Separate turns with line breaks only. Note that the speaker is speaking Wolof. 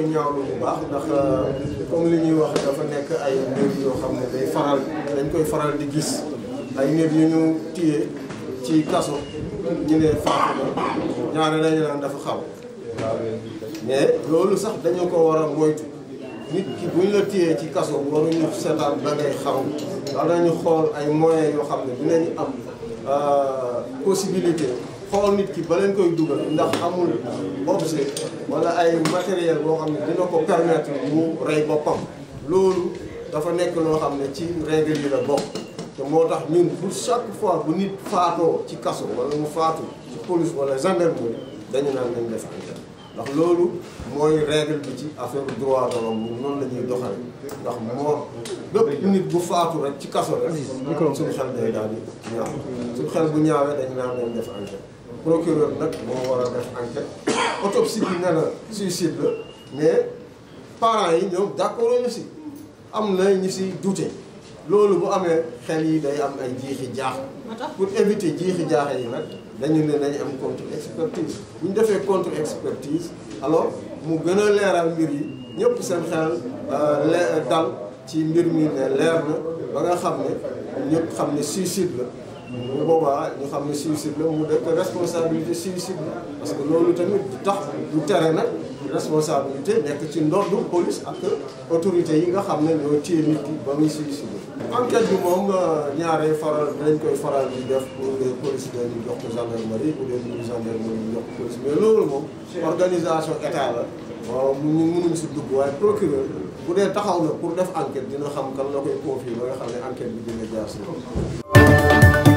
koy ñaawlu bu baax ndax euh, comme li ñuy wax dafa nekk ay mbir yoo xam ne day faral dañ koy faral di gis ay nit yu ñu téye ci kaso ñu ne faatu na ñaare dañu naan dafa xaw mais loolu sax dañu ko war a moytu nit ki buñ la téyee ci kaso waruñu seetaan da ngay xaw war nañu xool ay moyens yoo xam ne dinañu am euh, possibilité xol nit ki balen koy dugal ndax amul objet wala ay matériel bo nous dina ko permettre mu ray bopam lolu dafa nek lo nous ci règle yi la te motax ñun pour chaque fois bu nit faato ci kasso wala mu faatu police wala gendarmerie dañu nous nañ def ndax lolu règle bi ci affaire droit de l'homme doxal ndax nit bu faatu rek ci kasso rek suñu xel bu ñaawé dañ def procureur nag mo wara def enquête autopsie bi ne la suicide la mais parents yi ñom d'accord ñu si am na ñi ci douté lolu bu amé xel yi day am ay jiixi jaax pour éviter jiixi jaax yi nak dañu né dañu am contre expertise bu ñu contre expertise alors mu gëna a leeral mbir yi ñëpp seen xel euh, dal ci mbir mi né leer na ba nga xamné ñëpp xamné ne suicide la bu boobaa ñu xam ne suicide la mu def responsabilité suicide la parce que loolu tamit du tax du tere nag responsabilité nekk ci ndoddu police ak autorité yi nga xam ne ñoo téye nit ki ba muy suicide enquête bi moom euh, ñaaree faral dañ koy faral di def pour les police dañu jox ko gendarmerie pour les gendarmerie jox ko police mais loolu moom organisation état la waaw ñu mënuñ si dugg waaye procureur bu dee taxaw na pour def enquête dina xam kan la koy confier ba xam ne enquête bi dina jaar si